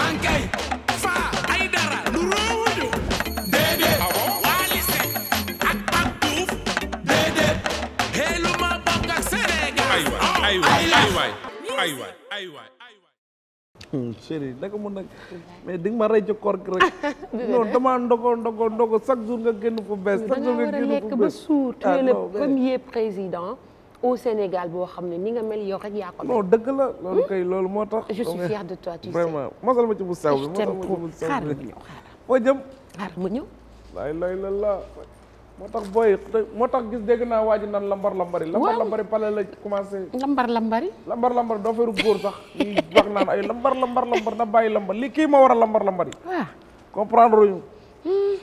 ankay fa ay dara lu roowuñu déedéet ah Wally Seck ak Pape Diouf déedéet xeelu ma bokk ak Sénégal oh, ay waay ay waay ay waay ay waay hmm, chéri naka mun nag mais di nga ma rey ci koor gi rek non dama ndogo ndogo ndogo chaque jour nga génn fu bees chaque jour nga génn fu bees ba suur tu es ah, le premier président au Sénégal boo xam ne ni nga mel yow rek yaa ko. non dëgg loolu hmm? kay loolu moo tax. je suis fière de toi ma ci bu saw bi. mosal ma ci bu ma ñëw xaaral. foo la la moo tax booy moo tax gis dégg naa waa ji naan lambar lambari. lambar la commencé. lambar lambari. lambar lambari doo feru góor sax ñuy wax naan ay lambar lambar lambar na bàyyi lambar li kii ma a lambar lambari. waaw comprendre ñu. Hmm.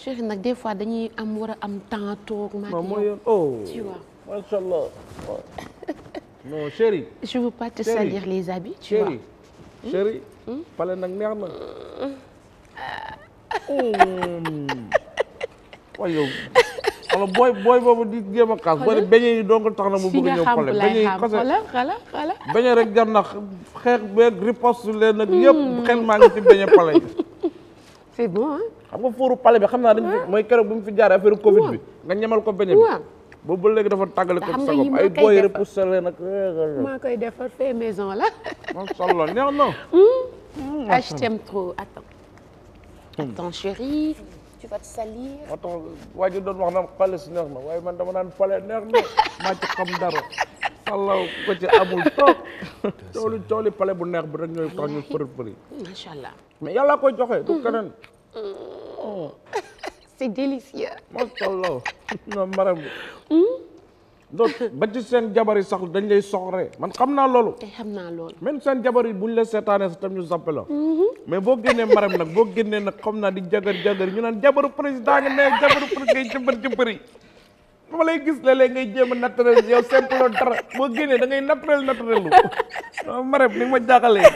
Cheikh nag des fois dañuy am war a am temps toog. maa ngi yow non macha allah non chérie. je veux pas te salir les habits. tu vois hmm? chérie chérie. Hmm? pale nag neex ah. hmm. booy booy boobu di jéem a xaas. xala yi donc tax na mu bëgg a ñëw pale. bañ rek jar na xeex beeg riposte leen nag yëpp xel maa ngi ci bañ c'est bon ah. xam nga fóoru pale bi xam naa dañ ah. mooy keroog bu mu fi jaaree affaire Covid bi. nga ñamal ko bañ bi. boobu ba léegi dafa tàggale ko sagom ay booy repoussé leen ak maa koy defar la macha allah neex na ah je t'aime trop attends hmm. attends chérie tu vas te salir attends doon wax naan xaalis neex na waaye man dama naan pale neex na maa ci xam dara allah ko ci amul toog toolu tooli pale bu neex bu rek ñooy tax ñu fërëfëri macha allah mais yàlla koy joxe c'est délicieux. macha allah non maram. Hmm? donc ba ci seen jabar yi sax dañ lay soxre man xam naa loolu. te eh, xam naa loolu. même seen jabar yi buñ la seetaanee sax tam ñu zappe la. Mm-hmm. mais boo génnee maram nag boo génnee nag xam naa di jagar jagar ñu naan jabaru président nga ne jabaru président jëmbër ba ma lay gis léeg-léeg ngay jéem a naturel yow simple dara boo génnee da ngay na naturel lu mareb ni ma jaaxalee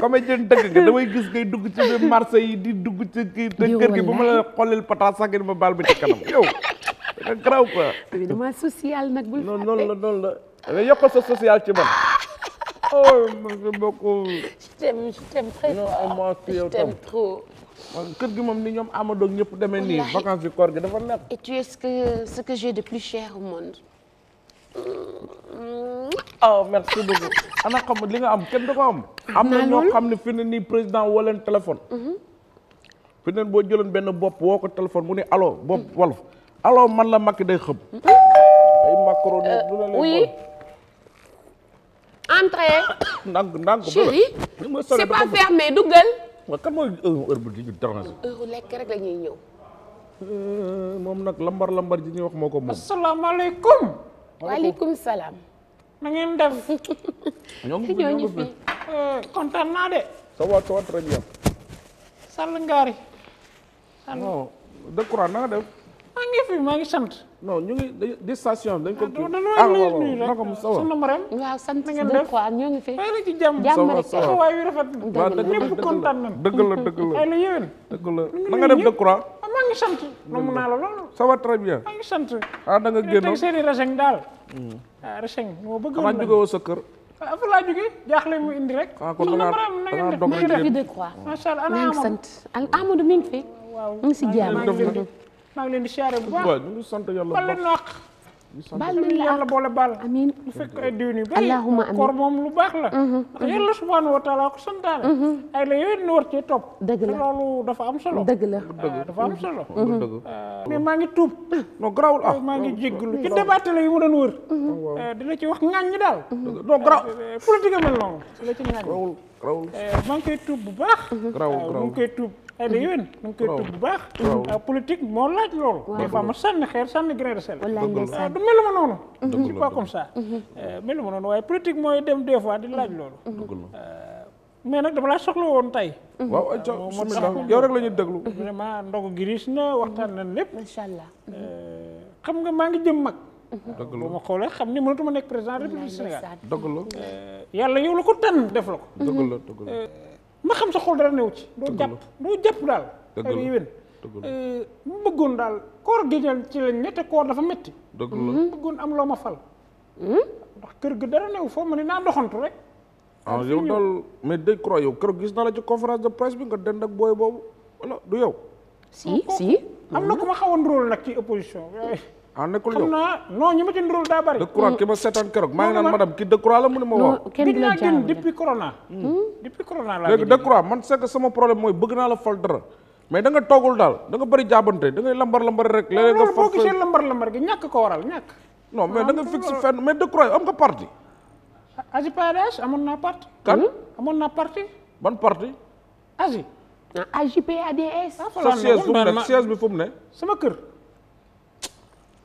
comédien dëgg nga damay gis ngay dugg ci biir marché yi di dugg ci kii te kër gi ba ma la xollil pataas sax ngeen ma baal ma ci kanam yow da garaaw quoi dama social nag bul noonu sa social ci man oh merci beaucoup je t'aime je t'aime très fort je kër gi moom ni ñoom Amadou ak ñëpp demee nii vacances yu koor gi dafa nekk. et tu es ce que ce que de plus cher au monde. oh merci beaucoup ana xam li nga am kenn da ko am. am na ñoo xam ne fi ne nii président woo leen téléphone. Mhm. fi ne boo jëloon benn bopp woo ko téléphone mu ne allo bopp mhm. wolof allo man la Macky day xëm. Mhm. ay macaroni euh, du la leen oui. entrez. ndànk ndànk. chérie c'est pas fermé duggal. waaw kan mooy heure bu di ñu déranger. heure lekk rek la euh, moom nag lambar lambar ji ñuy wax moo ko moom. asalaamaaleykum. waaleykum salaam. na ngeen def. ñoo ngi euh, naa de. ça va ça va très bien. Sall Ngari. Sall na ngi fi maa ngi sant. non ñu ngi di station dañ ko. ah, ah waaw waaw naka mu sawa sunu maram. waaw sant ngeen def quoi ñu ngi fi. xëy na ci jàmm sawa sawa waay wi rafet. ñëpp kontaan nañ. dëgg la dëgg la xëy na yéen. dëgg la na nga def de croix. Ah, maa ngi sant. nomm naa la loolu. ça va très bien. maa ngi sant. ah da nga génn teg seen i racheng daal. Hmm. ah racheng moo bëgg a. xanaa jógewoo sa kër. ah fa laa jógee jaaxle mu indi rek. ah kon da ngaa da ngaa doog a jéem. macha allah ana Amadou mi ngi fi. waaw mi ngi si jàmm. maa ngi leen di siyaare bu baax waaw ñu ngi sant yàlla bu baax baal nañu la yàlla boole baal amiin bu fekk ay diw yu bëri moom lu baax la mhm. ndax yàlla subhanahu wa taala ko santaane mhm. ay la yooyu nu war cee topp la am solo dëgg la ah, dafa am solo ah. mais maa ngi tuub non garaawul ah maa ngi jégglu ci débat la yu mu doon wër mhm. ah, dina ci wax ŋàññ daal eh, non garaaw eh, politique mel noonu dina ci eh, maa ngi koy tuub bu baax maa ngi koy tuub ay la yéwén da nga koy ah, moo laaj loolu de sel ah, du melu ma noonu c'est pas comme ça mhm. eh, melu ma noonu waaye dem des fois di laaj mhm. loolu mhm. Eh, mais nag dama laa soxla woon tey waaw ayca bismillah yow rek la ñuy déglu vraiment ndogu gi riis na waxtaan na lépp macha allah eh, xam nga maa ngi jëm mag dëgg la ma xoolee xam ni mënatuma nekk président république Sénégal dëgg la yàlla yow la ko tànn def la ko ma xam sa xool dara new ci. doo jàpp doo jàpp daal. dëgg la eh, mu bëggoon daal koor gi ci lañ ne te dafa métti. dëgg la mu bëggoon am loo ma fal. Hmm? ndax kër gi dara new foo ma ne naa doxantu rek. ah yow daal mais dégg croix yow keroog gis naa la ci conférence de presse bi nga dend ak booy boobu wala du yow. si si am na ku ma xawoon rôle nag ci opposition. ah nekkul yow xam naa non ñi ma ci ndural daa bari. Decroix ki ma seetaan keroog maa ngi naan madame ki Decroix la mu ne ma woo. kenn du la jaamu depuis corona. Hmm? depuis corona laa léegi Decroix man c'est que sama problème mooy bëgg naa la fal dara. mais da nga toogul daal da nga bëri jaabante da ngay lambar lambar rek. léeg-léeg nga foofu boo gisee lambar lambar gi ñàkk ko waral ñàkk. non mais ah, da nga fixe fenn mais am nga parti. Aji PADS amoon naa parti. kan hmm? amoon naa parti. ban parti. Aji. ah Aji ah, PADS. mu ne sama kër.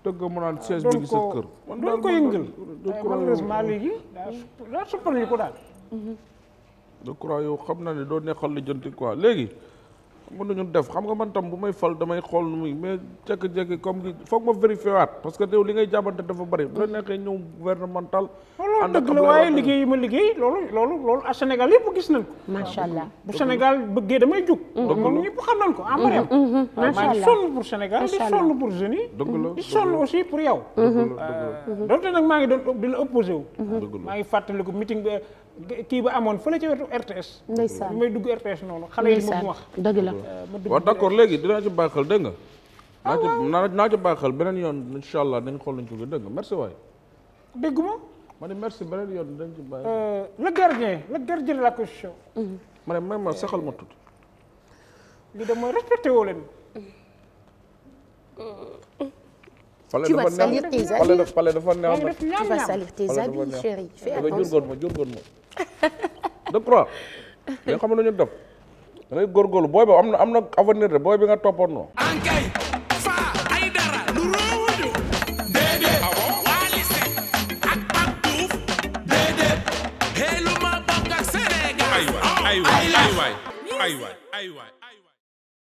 tëgg mu naan siège bi ngi sa kër. doon ko yëngal eh, malheureusement léegi daa suppali ko daal. je crois yow xam na ne doo neexal la jënti quoi léegi. mën nañu def xam nga man tam bu may fal damay xool nu muy mais jékki-jékki comme gi foog ma vérifié waat parce que teew li ngay jàppante dafa bëri bu nekkee ñëw gouvernemental. loolu dëgg la waaye liggéey yi ma liggéey loolu loolu loolu à Sénégal yëpp gis nañ ko. macha allah bu Sénégal bëggee damay jug. dëgg la moom ko en mm-hmm. mm-hmm. ah, mariam. macha allah maa ngi sonn pour Sénégal di sonn pour jeunes yi. dëgg aussi pour yow. Mm-hmm. Euh, donte nag maa ngi doon dina opposé wu. maa ngi fàttaliku meeting bi kii ba amoon fële ci wetu RTS. may dugg RTS noonu xale yi ma wax Euh, waaw d'accord léegi dinaa ci baaxal dégg nga. ah waaw naa ci baaxal beneen yoon incha allah dañ xool nañ ko dégg nga merci waay. dégguma. ma ne merci beneen yoon dañ ci baax. Euh, le gardien le gardien de la question. ma ne ma saxal ma tudd. lii de mooy respecté woo leen. tu vas salir tes habits fale dafa neex tu vas salir tes habits chérie fais ma jurgoon ma. de croix. mais xam nañu def. da ngay góorgóorlu booy ba am na am na avenir de booy bi nga toppoon noonu.